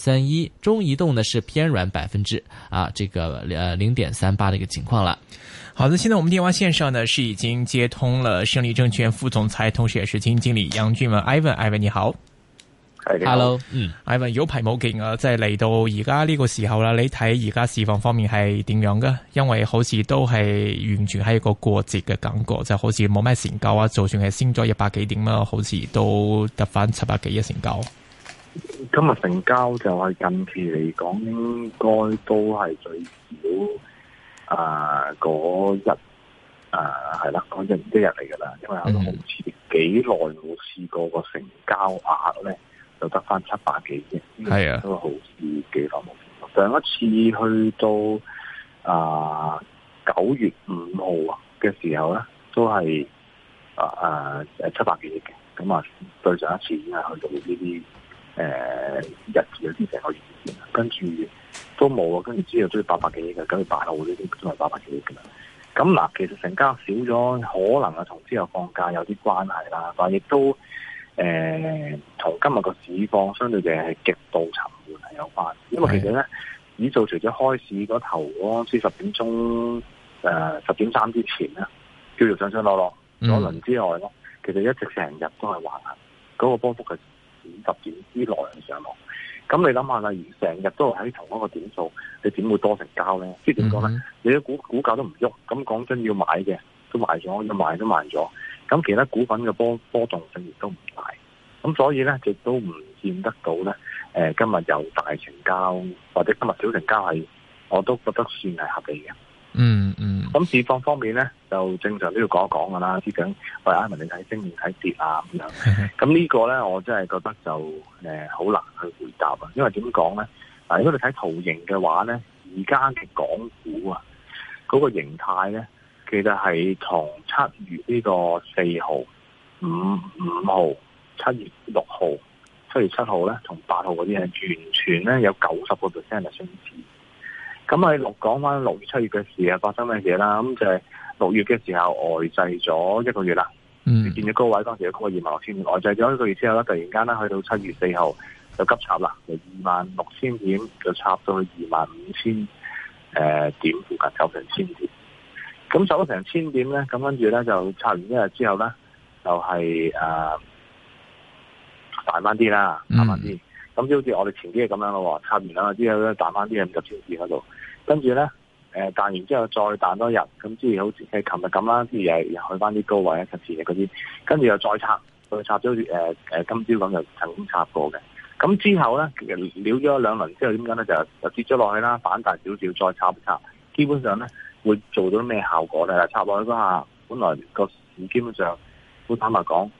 三一中移動呢是偏軟百分之啊，這個零零點三八的一個情況啦。好的，現在我們電話線上呢是已經接通了勝利證券副總裁，同時也是基金經理楊俊文，Ivan，Ivan Ivan, 你好。Hello，嗯，Ivan 有排冇見啊？即係嚟到而家呢個時候啦，你睇而家市況方面係點樣嘅？因為好似都係完全係一個過節嘅感覺，就好似冇咩成交啊。就算係升咗一百幾點啦，好似都得翻七百幾億成交。今日成交就係近期嚟講，應該都係最少啊嗰、呃、日啊係啦，嗰、呃、日一日嚟噶啦，因為有啲好似幾耐冇試過個、mm -hmm. 成交額咧，就得翻七百幾億，係啊，都好似幾咁。上一次去到啊九、呃、月五號啊嘅時候咧，都係啊誒七百幾億嘅，咁啊對上一次已經係去到呢啲。日子有啲成個月，跟住都冇啊！跟住之後追八百幾嘅，跟住大佬呢啲都係八百幾嘅。咁嗱，其實成交少咗，可能啊同之後放假有啲關係啦，但亦都誒同、呃、今日個市況相對嘅係極度沉悶係有關係。因為其實咧，指數除咗開市嗰頭嗰四十點鐘誒、呃、十點三之前呢，叫做上上落落左輪、嗯、之外咧，其實一直成日都係橫行，嗰、那個波幅係五十點之內上落。咁你諗下，例如成日都喺同一個點數，你點會多成交咧？即係點講咧？你啲股股價都唔喐，咁講真要買嘅都賣咗，要賣都賣咗。咁其他股份嘅波波動性亦都唔大。咁所以咧，亦都唔見得到咧。呃，今日又大成交或者今日小成交係，我都覺得算係合理嘅。嗯嗯。咁市況方面咧，就正常都要講一講噶啦，啲想喂，阿、哎、文你睇升定睇跌啊？咁樣。咁呢個咧，我真係覺得就誒，好、呃、難去回答啊。因為點講咧？嗱，如果你睇圖形嘅話咧，而家嘅港股啊，嗰、那個形態咧，其實係從七月, 5, 5月 ,7 月7呢個四號、五五號、七月六號、七月七號咧，同八號嗰啲係完全咧有九十個 percent 嘅相似。咁、嗯、喺六講翻六月七月嘅事啊，發生咩嘢啦？咁就係六月嘅時候，呆滯咗一個月啦。嗯，見咗高位嗰陣時，嗰個二萬六千，呆滯咗一個月之後咧，突然間咧去到七月四號就急插啦，就二萬六千點就插到去二萬五千點附近，走成千點。咁走咗成千點咧，咁跟住咧就插完一日之後咧，就係誒彈翻啲啦，彈返啲。咁、嗯、好似我哋前幾日咁樣咯喎，插完啦之後咧彈翻啲，十千點喺度。跟住咧，誒、呃、彈完之後再彈多日，咁之後好似係琴日咁啦，之餘又去翻啲高位啊及時嗰啲，跟住又再插，佢插咗啲誒今朝咁又曾經插過嘅，咁之後咧撩咗兩輪之後呢，點解咧就又跌咗落去啦？反彈少少，再插一插，基本上咧會做到咩效果咧？插落去嗰下，本來個市基本上，本坦白講，誒、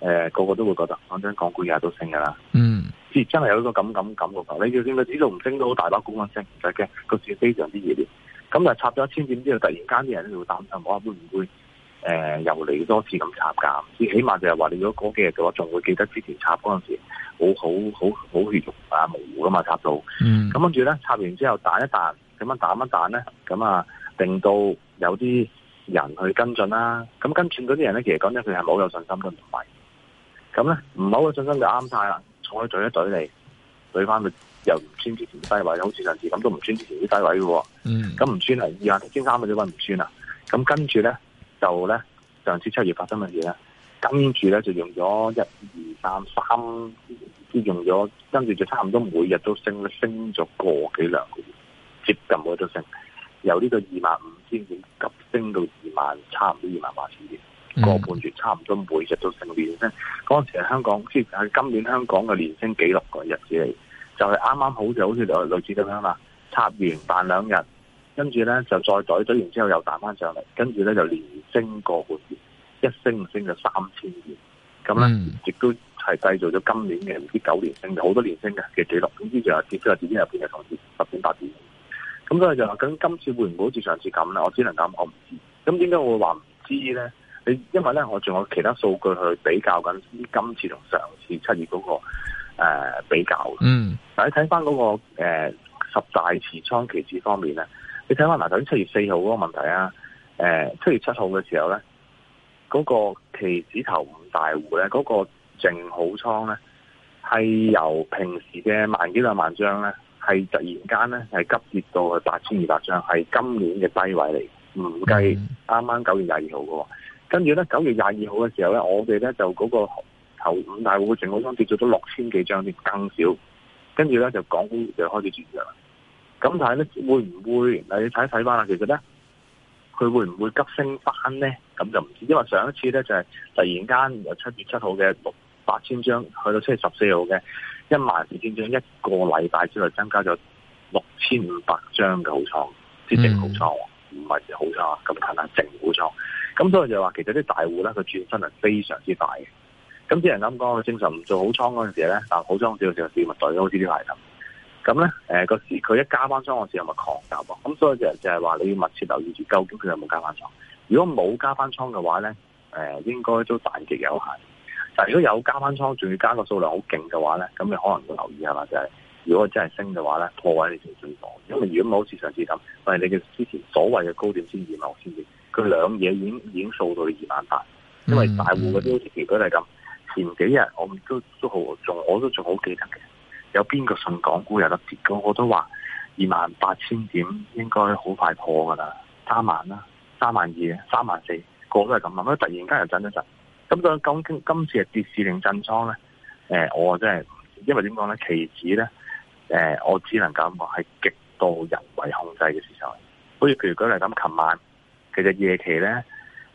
呃、個個都會覺得，我想講股價都升㗎啦。嗯。 真係有一個感到感到感覺㗎？你就算個指數唔升，到大把股都升唔得嘅，個市非常之熱烈。咁啊插咗一千點之後，突然間啲人咧會擔心，我話會唔會誒又嚟多次咁插架？唔知，至起碼就係話你如果幾日嘅話，仲會記得之前插嗰陣時，好好好血肉啊模糊啊嘛插到。嗯、mm.。咁跟住咧插完之後彈一彈，咁樣彈一彈咧，咁啊，令到有啲人去跟進啦、啊。咁跟進嗰啲人咧，其實講真，佢係冇有信心都唔係。咁咧，唔好有信心就啱晒啦。我嘴對一嘴對你，嘴翻佢又唔算之前低位，好似上次咁都唔算之前啲低位嘅。嗯，咁唔算係二萬五千三嘅位，唔算啦。咁跟住咧就咧，上次七月發生嘅嘢呢，跟住咧就用咗一二三三，用咗，跟住就差唔多每日都升，升咗個幾兩個月，接近我都升，由呢個二萬五千點急升到二萬差唔多二萬八千點。個半月差唔多每日都升年升，嗰時係香港即係今年香港嘅年升紀錄個日子嚟，就係啱啱好就好似類似咁樣嘛，插完彈兩日，跟住咧就再懟咗然之後又彈翻上嚟，跟住咧就連升個半月，一升一升咗三千元，咁咧亦都係製造咗今年嘅唔知九年升，好多年升嘅嘅紀錄，總之就係結束係自己入邊嘅投資十點八點，咁所以就話，咁今次會唔會好似上次咁咧？我只能講我唔知，咁點解我會話唔知咧？你因為咧，我仲有其他數據去比較緊，今次同上次七月嗰、那個誒、呃、比較。嗯，但你睇翻嗰個誒、呃、十大持倉期指方面咧，你睇翻嗱，頭先七月四號嗰個問題啊，誒、呃、七月七號嘅時候咧，嗰、那個期指頭五大戶咧，嗰、那個淨好倉咧，係由平時嘅萬幾兩萬張咧，係突然間咧係急跌到去八千二百張，係今年嘅低位嚟，唔計啱啱九月廿二號嘅。跟住咧，九月廿二號嘅時候咧，我哋咧就嗰個頭五大戶嘅淨好倉跌咗咗六千幾張，跌更少。跟住咧就港股就開始轉嘅啦。咁但係咧會唔會？你睇一睇翻啦，其實咧佢會唔會急升翻咧？咁就唔知，因為上一次咧就係、是、突然間由七月七號嘅六八千張，去到七月十四號嘅一萬二千張，一個禮拜之內增加咗六千五百張嘅好倉，啲、嗯、淨好倉，唔係好倉、啊，咁睇下淨好倉。咁所以就係話，其實啲大戶咧，佢轉身係非常大之快嘅。咁啲人咁講，佢正常唔做好倉嗰陣時咧，嗱，好倉只係成個市物咗好似啲壞蛋。咁咧，誒、呃，個佢一加翻倉嘅時候咪狂減。咁所以就就係話，你要密切留意住，究竟佢有冇加翻倉。如果冇加翻倉嘅話咧，誒、呃，應該都彈極有限。但係如果有加翻倉，仲要加個數量好勁嘅話咧，咁你可能要留意下啦，就係、是、如果真係升嘅話咧，破位你就要進檔，因為如果冇好似上次咁，係你嘅之前所謂嘅高點先二萬五千二。我佢兩嘢已經已經數到二萬八，因為大戶嗰啲，如果係咁，前幾日我唔都都好，仲我都仲好記得嘅。有邊個信港股有得跌？我我都話二萬八千點應該好快破噶啦，三萬啦，三萬二，三萬四，個個都係咁諗。咁突然間又震一震，咁到今今次嘅跌市令震倉咧，誒、呃，我真係因為點講咧？期指咧，誒、呃，我只能夠話係極度人為控制嘅時候，好似譬如舉例咁，琴晚。其實夜期咧，誒、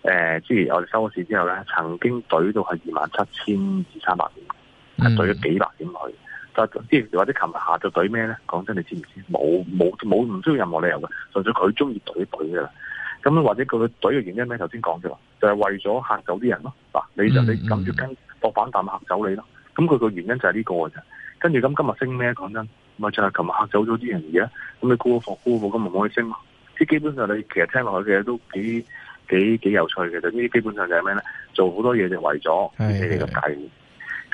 呃，之前我哋收咗市之後咧，曾經懟到係二萬七千二三百點，懟咗幾百點去。但係之前或者琴日下晝懟咩咧？講真，你知唔知？冇冇冇唔需要任何理由嘅，純粹佢中意懟懟嘅啦。咁或者佢懟嘅原因咩？頭先講咗，就係、是、為咗嚇走啲人咯。嗱、啊，你就、嗯、你敢要跟落反彈嚇走你咯？咁佢個原因就係、嗯、呢個嘅啫。跟住咁今日升咩？講真，咪就係琴日嚇走咗啲人而家，咁你高幅高幅咁咪可以升嘛？基本上你其實聽落去嘅都幾幾幾有趣嘅，就呢啲基本上就係咩咧？做好多嘢就為咗你哋嘅計，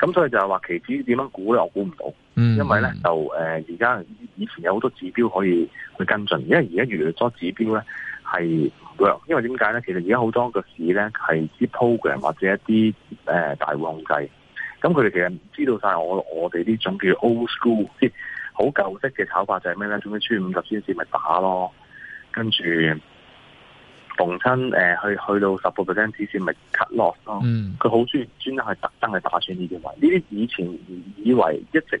咁 所以就話期指點樣估咧？我估唔到，因為咧就誒而家以前有好多指標可以去跟進，因為而家越嚟越多指標咧係因為點解咧？其實而家好多個市咧係啲 program 或者一啲誒、呃、大戶控制，咁佢哋其實唔知道晒我我哋呢種叫 old school 即係好舊式嘅炒法就係咩咧？總之出五十先試咪打咯。跟住逢親誒，去去到十 percent 止線咪 cut loss 咯。佢好中意專登係特登去打算呢啲位。呢啲以前以為一直誒、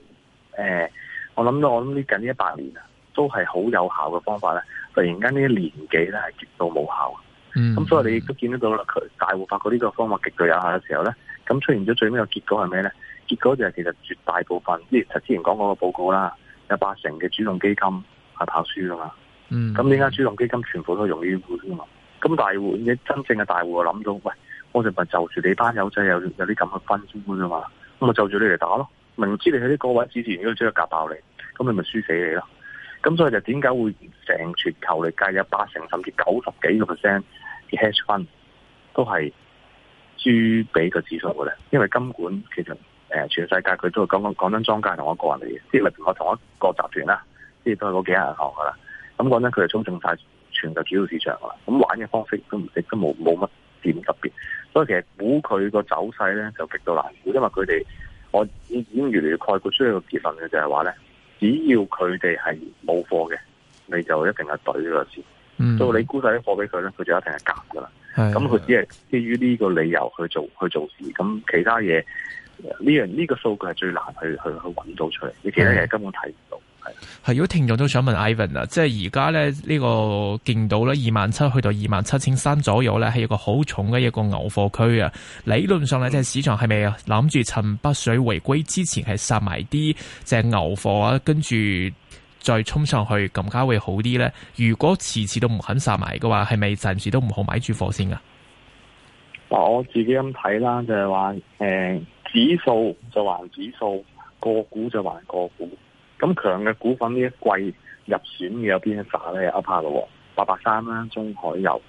呃，我諗到我諗呢近這一百年啊，都係好有效嘅方法咧。突然間呢啲年紀咧係極度冇效的。咁、mm -hmm. 所以你都見得到啦。佢大戶發覺呢個方法極度有效嘅時候咧，咁出現咗最尾嘅結果係咩咧？結果就係其實絕大部分，即係之前講嗰個報告啦，有八成嘅主動基金係跑輸噶嘛。嗯，咁點解主動基金全部都用呢啲股嘛？咁大戶真正嘅大戶啊，諗到喂，我就咪就住你班友仔有有啲咁嘅分倉啊嘛，咁咪就住你嚟打咯。明知你喺啲高位之前都家追得夾爆你，咁你咪輸死你咯。咁所以就點解會力界有成全球嚟計，一八成甚至九十幾個 percent 嘅 hedge fund，都係輸俾個指數嘅咧？因為金管其實誒、呃，全世界佢都講講講緊莊家同我個人嚟，即係例如我同一個集團啦，即係都係嗰幾間銀行噶啦。咁講咧，佢就操正晒全球主要市場啦。咁玩嘅方式都唔，亦都冇冇乜點特別。所以其實估佢個走勢咧就極度難估，因為佢哋我已經經越嚟越概括出一個結論嘅，就係話咧，只要佢哋係冇貨嘅，你就一定係懟嘅事。到、嗯、你沽晒啲貨俾佢咧，佢就一定係夾噶啦。咁佢只係基於呢個理由去做去做事。咁其他嘢呢樣呢個數據係最難去去去揾到出嚟，你其他嘢根本睇唔到。係如果聽眾都想問 Ivan 啊，即係而家咧，呢個見到咧，二萬七去到二萬七千三左右咧，係一個好重嘅一個牛貨區啊。理論上咧，即係市場係咪諗住趁北水回歸之前係殺埋啲隻牛貨啊，跟住再衝上去，咁加會好啲咧？如果遲遲都唔肯殺埋嘅話，係咪暫時都唔好買住貨先啊？嗱，我自己咁睇啦，就係話，誒、呃，指數就還指數，個股就還個股。咁強嘅股份呢一季入選嘅有邊一紮咧？阿帕羅八八三啦，中海油，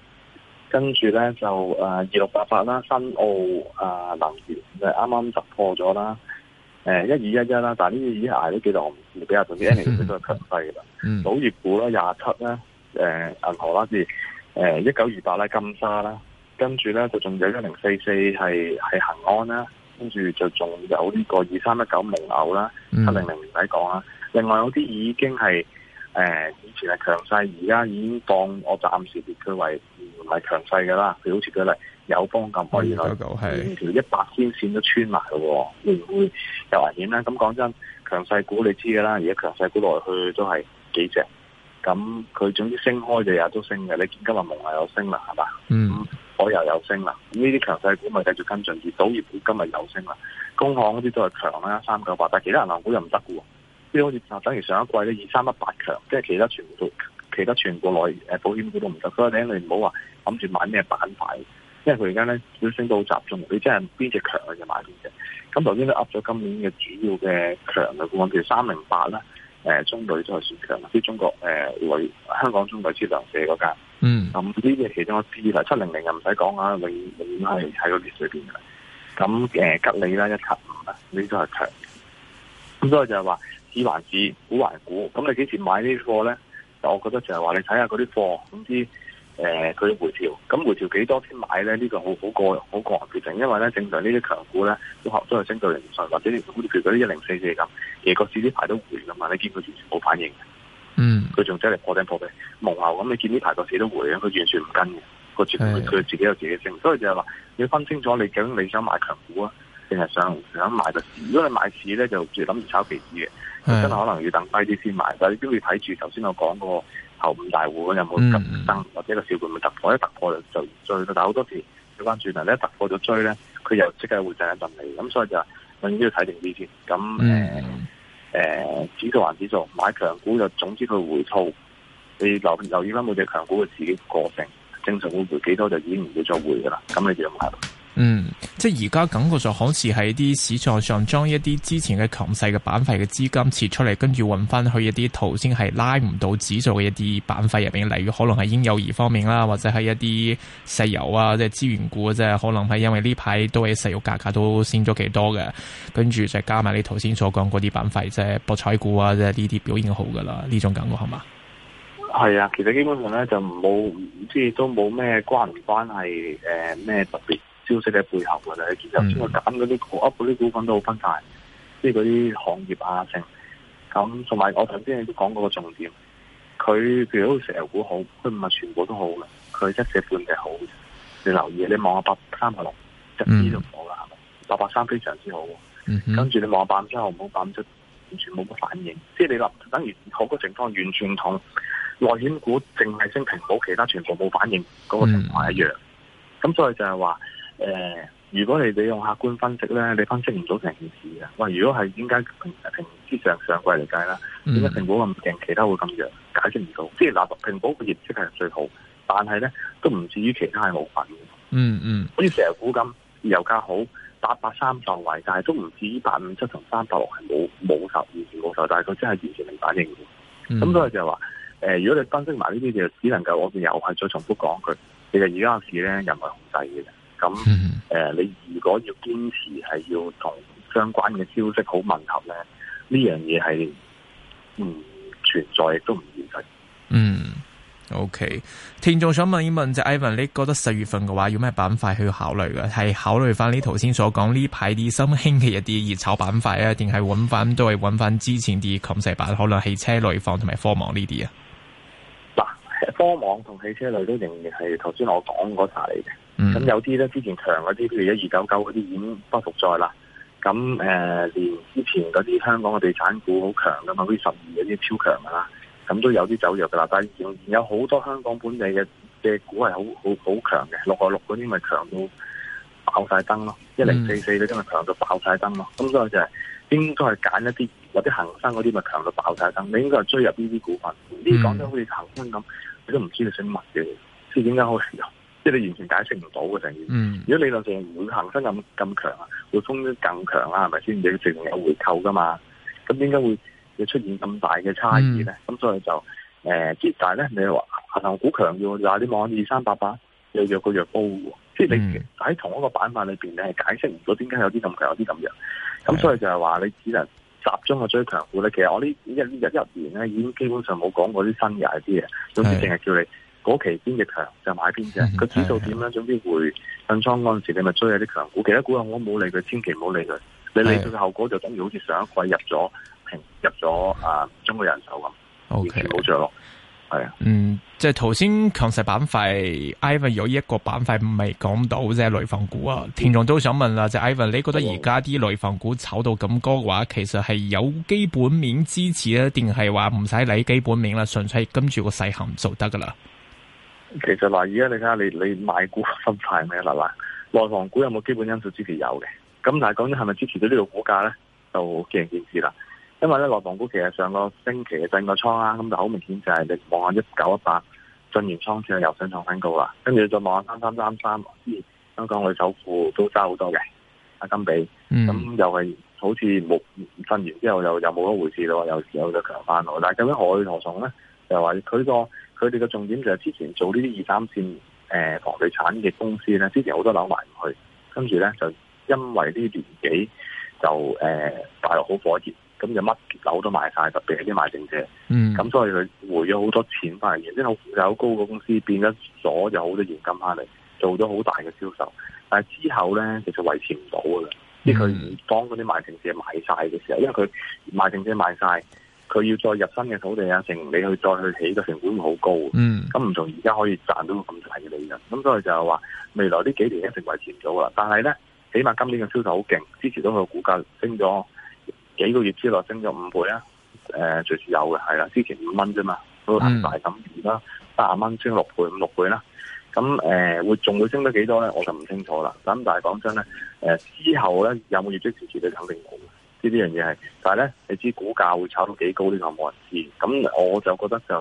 跟住咧就誒二六八八啦，新奧啊能源，誒啱啱突破咗啦，誒一二一一啦，1211，但係呢啲已經挨咗幾多，比較同啲 energy 都係強勢噶啦。嗯，嗯，博彩股啦廿七啦，誒銀河啦，即誒一九二八啦，金沙啦，跟住咧就仲有一零四四係係恒安啦，跟住就仲有呢個二三一九蒙牛啦，七零零唔使講啦。另外有啲已經係誒、呃、以前係強勢，而家已經當我暫時列佢為唔係、呃、強勢㗎啦。佢好似佢嚟有咁緊，我原來條一百天線都穿埋咯，會唔會有危險咧？咁、嗯、講、嗯、真，強勢股你知㗎啦，而家強勢股落去都係幾隻。咁佢總之升開嘅日都升嘅。你見今日蒙啊有升啦，係嘛？嗯，我又有升啦。咁呢啲強勢股咪繼續跟進，賭業股今日有升啦，工行嗰啲都係強啦，三九八，但係其他銀行股又唔得嘅喎。即好似啊，等於上一季咧，二三一八強，即係其他全部都其他全國內誒保險股都唔得，所以你唔好話諗住買咩板塊，因為佢而家咧股升到好集中，你真係邊隻強你就買邊隻。咁頭先都噏咗今年嘅主要嘅強嘅股，譬如三零八啦，誒中旅都係算強啦，啲中國誒旅、呃、香港中旅之糧社嗰間，嗯，咁呢啲其中一啲啦，七零零又唔使講啦，永永遠係喺個劣勢邊嘅。咁誒吉利啦，一七五啊，呢啲都係強。咁所以就係話。市還市、股環股，咁你幾時買呢啲貨咧？就我覺得就係話你睇下嗰啲貨，總之誒佢要回調，咁回調幾多先買咧？呢、呢個好好個好個人決定，因為咧正常呢啲強股咧都合都係升到零上，或者啲好似譬如啲一零四四咁，其實個市呢排都回噶嘛，你見佢完全冇反應嘅，嗯，佢仲真係破頂破底，蒙牛咁你見呢排個市都回啊，佢完全唔跟嘅，個市佢自己有自己升，所以就係話你分清楚你究竟你想買強股啊，定係想想買個市？如果你買市咧，就住諗住炒期指嘅。真係可能要等低啲先買，但係都要睇住。頭先我講個後五大戶有冇急升，mm -hmm. 或者個小盤有冇突破？一突破就就追，但係好多時調翻轉頭，一突破就追咧，佢又即刻會震一陣嚟。咁所以就永遠都要睇定啲先。咁誒誒，指數還指數，買強股就總之佢回吐。你留留意翻每隻強股嘅自己個性，正常會回幾多就已經唔會再回噶啦。咁你就要買。嗯，即係而家感覺就好似喺啲市場上將一啲之前嘅強勢嘅板塊嘅資金撤出嚟，跟住揾翻去一啲頭先係拉唔到指數嘅一啲板塊入邊，例如可能係嬰幼兒方面啦，或者係一啲石油啊，即係資源股啊，即係可能係因為呢排都係石油價格都升咗幾多嘅，跟住就加埋你頭先所講嗰啲板塊，即係博彩股啊，即係呢啲表現好噶啦，呢種感覺係嘛？係啊，其實基本上咧就冇，即係都冇咩關唔關係誒咩特別。消息嘅背後噶啦，其實之後揀嗰啲股嗰啲股份都好分散，即係嗰啲行業啊剩，咁同埋我頭先亦都講過個重點，佢譬如講成日股好，佢唔係全部都好嘅，佢一隻半隻好，嘅。你留意，你望下八三百六一啲都唔好啦，八百三非常之好，跟、嗯、住你望下百五之後冇百五出，完全冇乜反應，即、就、係、是、你諗，等於好嘅情況完全同內險股淨係升平好，其他全部冇反應嗰、那個情況一樣，咁、嗯、所以就係話。誒、呃，如果你你用客觀分析咧，你分析唔到成件事嘅。喂，如果係點解平蘋之上上季嚟計啦，點解蘋果咁勁，其他會咁弱？解釋唔到。即係哪蘋果個業績係最好，但係咧都唔至於其他係冇份嘅。嗯嗯，好似石油股咁，油價好八百三十位，但係都唔至於八五七同三百六係冇冇受完全冇受，但係佢真係完全零反應嘅。咁所以就係、是、話，誒、呃，如果你分析埋呢啲嘢，只能夠我哋又係再重複講一,一句，其實而家市咧又唔係控制嘅。嗯咁、嗯、誒、嗯呃，你如果要堅持係要同相關嘅消息好吻合咧，呢樣嘢係唔存在，亦都唔現實。嗯，OK。聽眾想問一問就，Ivan，你覺得十月份嘅話，有咩板塊去考慮嘅？係考慮翻你頭先所講呢排啲新興嘅一啲熱炒板塊啊，定係揾翻都係揾翻之前啲冚世板，可能汽車內房同埋科網呢啲啊？科網同汽車類都仍然係頭先我講嗰啲嚟嘅，咁有啲咧之前強嗰啲，譬如一二九九嗰啲已經不復再啦。咁誒、呃，連之前嗰啲香港嘅地產股好強噶嘛，好似十二嗰啲超強噶啦，咁都有啲走弱噶啦。但仍然有好多香港本地嘅嘅股係好好好強嘅，六個六嗰啲咪強到爆晒燈咯，一零四四咧都係強到爆晒燈咯。咁所以就係、是、應該都係揀一啲。啲恒生嗰啲咪強到爆晒咁，你應該係追入呢啲股份。呢啲講得好似恒生咁，你都唔知你想乜嘅，即點解會？即係你完全解釋唔到嘅成件事。如果理論上唔會恒生咁咁強啊，會衝得更強啦，係咪先？你仲有回購㗎嘛？咁點解會要出現咁大嘅差異咧？咁、嗯、所以就誒、呃，但呢，咧，嗯就是、你話恆生股強嘅喎，話你望二三八八又弱個弱煲喎，即係你喺同一個板塊裏邊，你係解釋唔到點解有啲咁強，有啲咁弱。咁所以就係話你只能。集中去追強股咧，其實我呢一一日一年咧，已經基本上冇講過啲新嘅嘢啲嘢，總之淨係叫你嗰期邊隻強就買邊隻，佢指數點樣，總之會上倉嗰陣時，你咪追下啲強股。其他股我冇理佢，千祈唔好理佢，你理到嘅後果就等於好似上一季入咗平入咗啊中國人壽咁完，okay。全冇着落。係啊，嗯。即係頭先強勢板塊，Ivan 有一個板塊未講到，即係內房股啊。聽眾都想問啦，就 Ivan，你覺得而家啲內房股炒到咁高嘅話，其實係有基本面支持咧，定係話唔使理基本面啦，純粹跟住個勢行就得噶啦？其實嗱，而家你睇下，你你買股分派係咩啦？內房股有冇基本因素支持有嘅？咁但係講緊係咪支持到個呢個股價咧，就見仁見智啦。因為咧，內房股其實上個星期嘅進個倉啦，咁就好明顯就係、是、你望下一九一八進完倉之後又想創新高啦，跟住再望下三三三三，香港女首富都揸好多嘅阿甘比，咁、嗯、又係好似冇瞓完之後又又冇一回事咯，有時候就強翻咯。但係究竟何去何從咧？就話佢個佢哋嘅重點就係之前做呢啲二三線誒、呃、房地產嘅公司咧，之前好多樓埋唔去，跟住咧就因為啲年紀就、呃、大陸好火熱。咁就乜樓都賣晒，特別係啲賣剩蔗。咁、嗯、所以佢回咗好多錢翻嚟，因為好高嘅公司變咗咗，有好多現金翻嚟，做咗好大嘅銷售。但係之後咧，其實維持唔到噶啦，即係佢當嗰啲賣剩蔗賣晒嘅時候，因為佢賣剩蔗賣晒，佢要再入新嘅土地啊，成你去再去起個成本會好高。咁唔同而家可以賺到咁大嘅利潤。咁所以就係話未來呢幾年一定維持唔到啦。但係咧，起碼今年嘅銷售好勁，支持到佢個股價升咗。幾個月之內升咗五倍啊！誒、呃，隨時有嘅係啦。之前五蚊啫嘛，都、嗯、唔大咁。而家八十蚊，升六倍五六倍啦。咁誒，會、呃、仲會升得幾多咧？我就唔清楚啦。咁但係講真咧，誒、呃、之後咧有冇業績支持，你肯定冇呢啲樣嘢係，但係咧你知股價會炒到幾高，呢、呢個冇人知。咁我就覺得就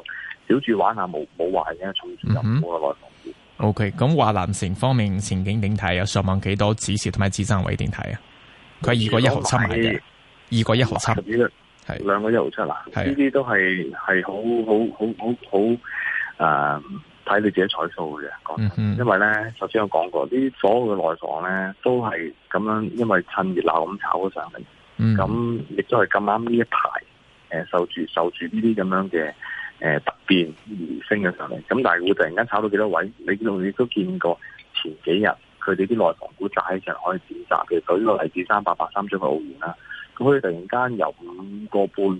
少住玩下，冇冇壞嘅，從此就冇再投資。O K. 咁華南城方面前景點睇有上望幾多指示同埋指增位點睇啊？佢係二個一毫七買嘅。嗯二個一毫七，係兩個一毫七啦。呢啲都係係好好好好好，誒，睇、呃、你自己彩數嘅、嗯。因為咧，首先我講過，呢啲所有嘅內房咧，都係咁樣，因為趁熱鬧咁炒咗上嚟。咁亦都係咁啱呢一排，誒、呃，受住受住呢啲咁樣嘅誒、呃、突變而升咗上嚟。咁但係佢突然間炒到幾多位，你仲你都見過前幾日佢哋啲內房股炸起上可以點扎嘅？舉個例子 38, 383,，三百八三張嘅奧園啦。佢突然間由五個半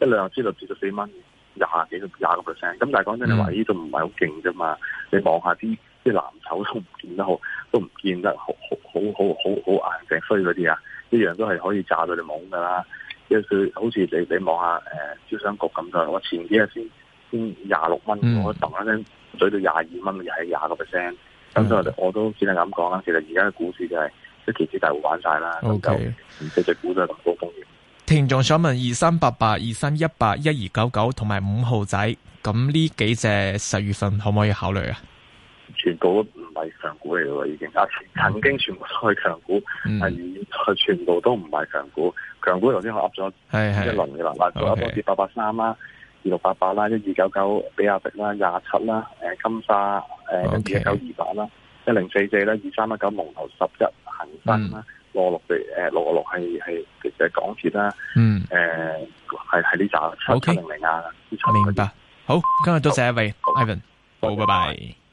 一兩毫紙跌到四蚊，廿幾個廿個 percent。咁但係講真，你話呢度唔係好勁啫嘛。你望下啲啲藍籌都唔見得好，唔見得好，好，都唔見得好好好好好好硬淨衰嗰啲啊，一樣都係可以炸到你懵噶啦。因為佢好似你你望下誒招商局咁啦，我前幾日先先廿六蚊，我突然間追到廿二蚊，又係廿個 percent。咁所以我都只能咁講啦。其實而家嘅股市就係、是、～啲旗子大戶玩晒啦，咁就只只股都係咁高風險。聽眾想問：二三八八、二三一八、一二九九同埋五號仔，咁呢幾隻十月份可唔可以考慮啊？全部都唔係強股嚟嘅，已經曾經全部都係強股，係、mm. 而全部都唔係強股。強、mm. 股頭先我噏咗一輪嘅啦，嗱，做一波跌八八三啦，二六八八啦，一二九九，比亞迪啦，廿七啦，誒，金沙，誒，跟住一九二八啦，一零四四啦，二三一九龍頭十一。恒生啦，六六嘅，誒，六六六係係其實係港鐵啦，嗯，誒，係係呢扎七七零零啊，啲七明白。好，今日多謝一位 Ivan，好，拜拜。Bye bye